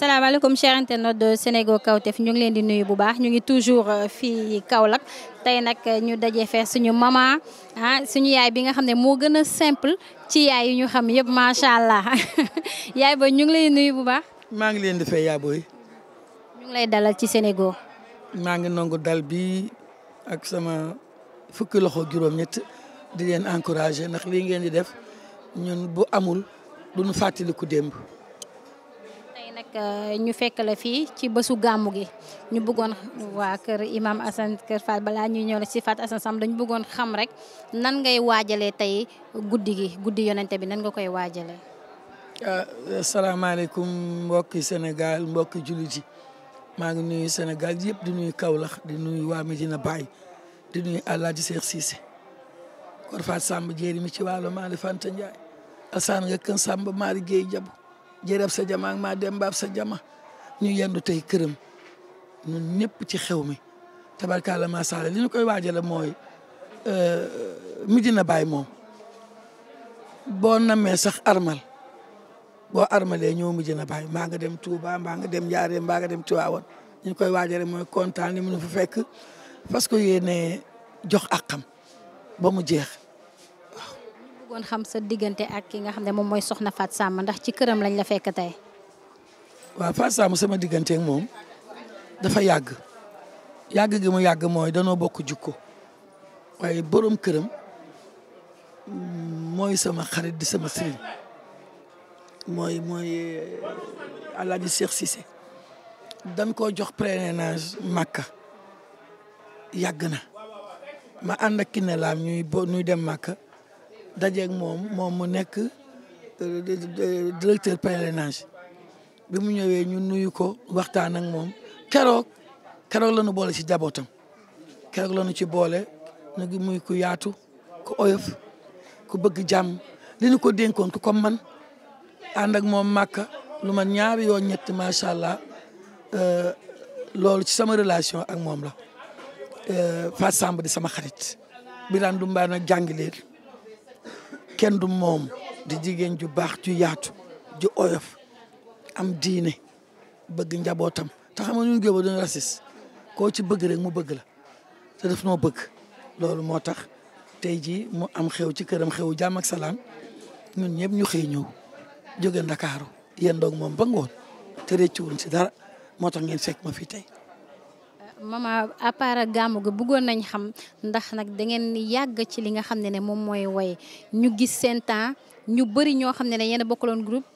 salaamaaleykum chers internautes de Sénégo Kawtef ñu ngi leen di nuyu bu baax ñu ngi toujours euh, fii Kaolack tey nag euh, ñu daje fee suñu maman ah suñu yaay bi nga xam ne moo gën a simple ci yaay yu ñu xam yëpp macha allah yaay booy ñu ngi lay nuyu bu baax. maa ngi leen di fay yaay ñu ngi lay dalal ci Sénégo. maa ngi nangu dal bi ak sama fukki loxo juróom-ñett di leen encourager ndax lii ngeen di def ñun bu amul duñu fàttaliku démb. Euh, ñu fekk la fii ci bésu gàmmu gi ñu bëggoon waa kër imam Assane kër Fat balaa ñuy ñëw la si Fat Assane dañu bëggoon xam rek nan ngay waajalee tey guddi gi guddi yonente bi nan nga koy waajalee. Ah, asalaamaaleykum mbokki Sénégal mbokki jullit yi maa ngi nuyu Sénégal yëpp di nuyu Kaolack di nuyu waa Medina di nuyu Alaaji Seex Siise kër ci wàllu Maali Fanta Ndiaye Assane nga kën Samb Géey Jabu jërëb sa jama ak maa dem baab sa jama ñu yendu tey këram ñun ñëpp ci xew mi tabarkalla macha allah li ñu koy waajale mooy euh, Medina Baye moom boo namee sax armal boo armalee ñëw Medina Baye mbaa nga dem Touba mbaa nga dem Njaaréem mbaa nga dem Tiwaawan ñu koy waajale mooy kontaan ni mu nu fa fekk parce que yéene jox akam ba mu jeex. bëggoon xam sa diggante ak ki nga xam ne moom mooy soxna Fat Samb ndax ci këram lañ la fekk tey. sama diggante moom dafa yàgg yàgg gi mu yàgg mooy danoo bokk jukko waaye borom këram mooy sama xarit di sama sëriñ mooy mooy euh, Alaaji Cheikh Cissé dañ koo jox parrainage Màkka yàgg na ma ànd ak Kiné ñuy dem Màkka dajeeg moom moom mu nekk euh, directeur pèlerinage bi mu ñëwee ñun nuyu ko waxtaan ak moom keroog keroog la boole ci jabootam keroog la ñu ci boole ñu ngi muy ku yaatu ku oyof ku bëgg jàmm li ñu ko dénkoon ku comme man ànd ak moom makka lu ma ñaari yoon ñett macha allah euh, loolu ci sama relation ak moom la euh, Fatou Samb di sama xarit bi daan du mbaa na jàngi kenn du moom di jigéen ju baax ju yaatu ju oyof am diine bëgg njabootam te xam nga ñun géeba duñu rasis koo ci bëgg rek mu bëgg la te daf noo bëgg loolu moo tax tey jii mu am xew ci këram xew jàmm salaan salaam ñun ñëpp ñu xëy ñëw jóge Ndakaaru yéen doog moom ba ngoon te réccuwuñ si dara moo tax ngeen fekk ma fii tey mama à part gàmmu gi bëggoon nañ xam ndax nag da ngeen yàgg ci li nga xam ne ne moom mooy woy ñu gis seen temps ñu bëri ñoo xam ne ne yéen bokkaloon groupe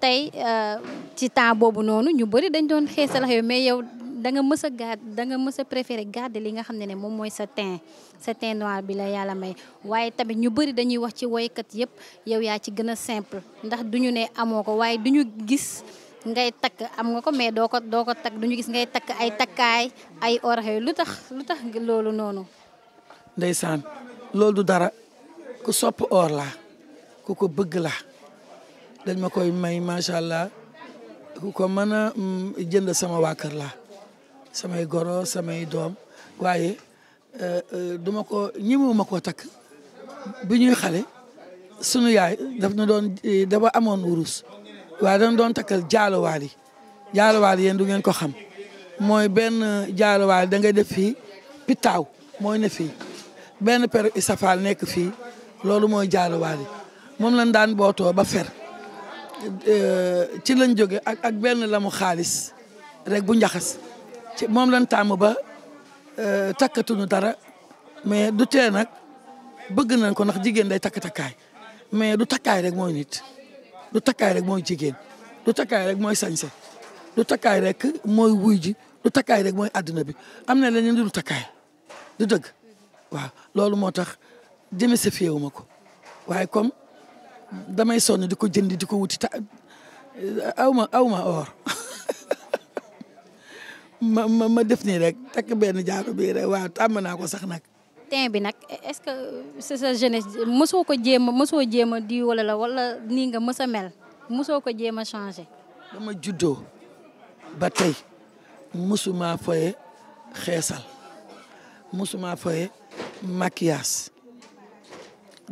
tey euh, ci temps boobu noonu ñu bëri dañ doon xeesalax yooyu mais yow da nga mës a garde da nga mës a préféré garde li nga xam ne ne moom mooy sa teint sa teint noir bi la yàlla may waaye tamit ñu bëri dañuy wax ci woykat yëpp yow yaa ci gën a simple ndax duñu ne amoo ko waaye duñu gis ngay takk am nga ko mais doo ko doo ko takk du ñu gis ngay takk ay takkaay ay orxe lu tax lu tax loolu noonu. ndeysaan loolu du dara ku sopp or la ku ko bëgg la dañ ma koy may macha allah ku ko mën a mm, jënd sama waa la samay goro samay doom waaye euh, euh, du ma ko ñemewu ma koo takk bu ñuy xale sunu yaay daf na doon eh, dafa amoon wurus. waa dañ doon takkal jaaluwaal yi jaaluwaal yéen du ngeen ko xam mooy benn jaaluwaal da ngay def fii pitaaw mooy ne fii benn peru isafal nekk fii loolu mooy jaaluwaal yi moom lañ daan bootoo ba fer ci lañ jóge ak ak benn lamu xaalis rek bu njaxas ci moom lañ tàmm ba takkatuñu dara mais du tee nag bëgg nañ ko ndax jigéen day takk takkaay mais du takkaay rek mooy nit du takaay rek mooy jigéen du takkaay rek mooy sañse du takkaay rek mooy wuy ji du takkaay rek mooy àddina bi am na leneen du takkaay du dëgg waaw loolu moo tax démystifié wu ma ko waaye comme damay sonn di ko jënd di ko wuti ta aw ma aw ma or ma ma def nii rek takk benn jaaro bii rek waaw tàmm naa ko sax nag. teint bi nag e-, est-ce que c'est sa jeunesse mosoo ko jéem a mosoo jéem a di la wala nii nga mës a mel mosoo ko jéem a changé. dama juddoo ba tey mosuma foye xeesal mosuma foye maquillage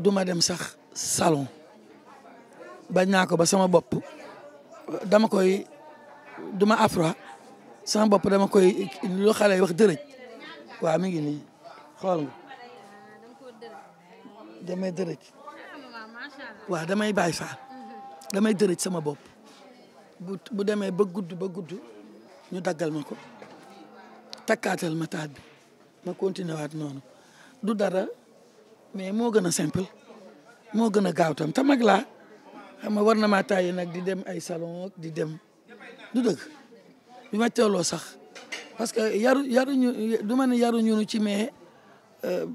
duma dem sax salon bañ naa ko ba sama bopp dama koy duma afro sama bopp dama koy lu xale wax dërëj waaw mi ngi nii xool damay dërëj waaw damay bàyyi faal damay dërëj sama bopp bu bu demee ba gudd ba gudd ñu dagal ma ko takkaatal ma taat bi ma continué waat noonu du dara mais moo gën a simple moo gën a gaaw tam te mag laa xam war na maa tàyyi nag di dem ay salon di dem du dëgg bi ma teeloo sax parce que yaru yaruñu du ma na yaruñu nu ci mais euh,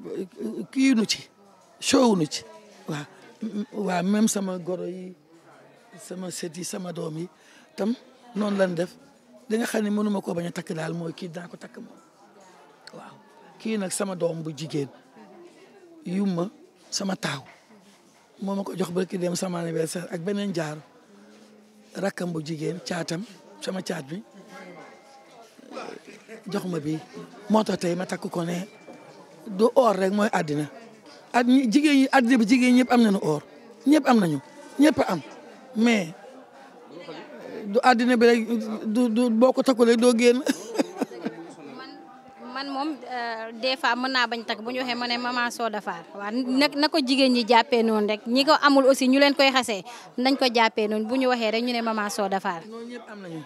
kii ci soowuñu ci waa waaw sama goro yi sama sët yi sama doom yi tam noonu lan def li nga xam ne mënuma koo bañ takk daal mooy kii dinaa ko takk moom waaw kii nag sama doom bu jigéen yuma sama taaw moo ma ko jox ba ki dem sama anniversaire ak beneen jaar rakkam bu jigéen caatam sama caat bi jox ma bi moo tax tey ma takk ko ne du rek mooy àddina ak jigéen yi àddina bi jigéen ñëpp am nañu or ñëpp am nañu ñëpp am mais du àddina bi rek du du boo ko takkulee doo génn. man moom euh, des fois mën naa bañ takk bu ñu waxee ma ne maman Soda Faar waaw na na ko jigéen ñi jàppee noonu rek ñi ko amul aussi ñu leen koy xasee nañ ko jàppee noonu bu ñu waxee rek ñu ne maman Soda Faar. ñooñu ñëpp am nañu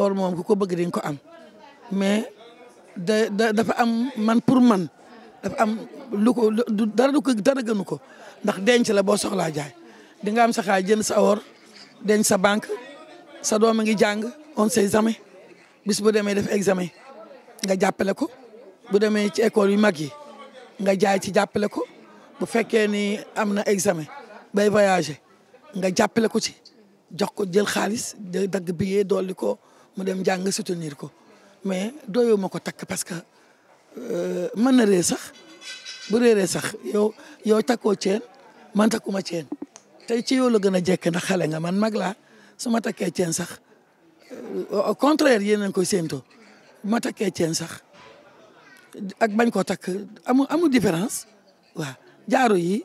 or moom ku ko bëgg di nga ko am mais da dafa am man pour man dafa am lu ko dara du ko dara gënu ko ndax denc la boo soxlaa jaay di nga am sa xaay jënd sa or denc sa banque sa doom a ngi jàng on sait jamais bis bu demee def examen nga jàppale ko bu demee ci école yu mag yi nga jaay ci jàppale ko bu fekkee ni am na examen bay voyager nga jàppale ko ci jox ko jël xaalis dagg billet dolli ko mu dem jàng soutenir ko mais doyoo ko takk parce que. Euh, man na réer sax bu réeree sax yow yow takkoo ceen man takkuma ceen tey ci yow la gën a jekk ndax xale nga man mag laa su ma takkee ceen sax euh, au contraire yéen a ngi koy séentoo ma takkee ceen sax ak bañ koo takk amu amul différence waaw jaaro yi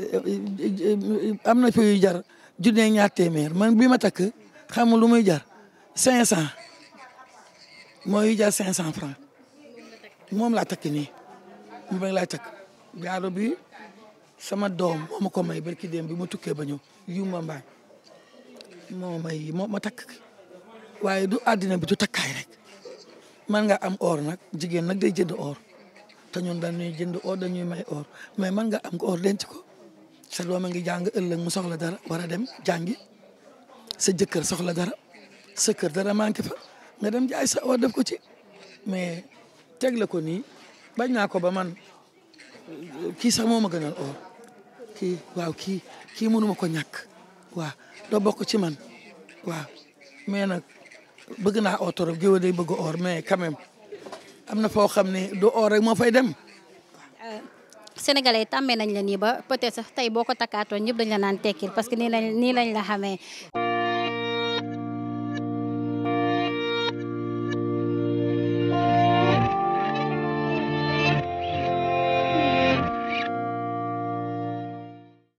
euh, am na fi yu jar junne ñaar téeméer man bi ma takk xamul lu muy jar cinq cent mooy yu jar cinq cent francs moom laa takk nii moom laa takk jaaro bi sama doom moo ma ko may barki dem bi ma tukkee ba ñëw yu ma mbaay moo may moom ma takk waaye du àddina bi du takkaay rek man nga am or nag jigéen nag day jënd or te ñun dañuy jënd or dañuy may or mais man nga am ko or denc ko sa doom a ngi jàng ëllëg mu soxla dara war a dem jàngi sa jëkkër soxla dara sa kër dara manqué fa nga dem jaay sa or def ko ci mais teg la ko nii bañ naa ko ba man kii sax moom ma gënal or kii waaw kii kii mënuma ko ñàkk waaw doo bokk ci man waaw mais nag bëgg naa or torop géwél day bëgg or mais quand am na foo xam ne du or rek moo fay dem. Euh, Sénégalais yi tàmmee nañ la nii ba peut-être sax tey boo ko takkaatoon ñëpp dañ la naan tekkil parce que nii lañ nii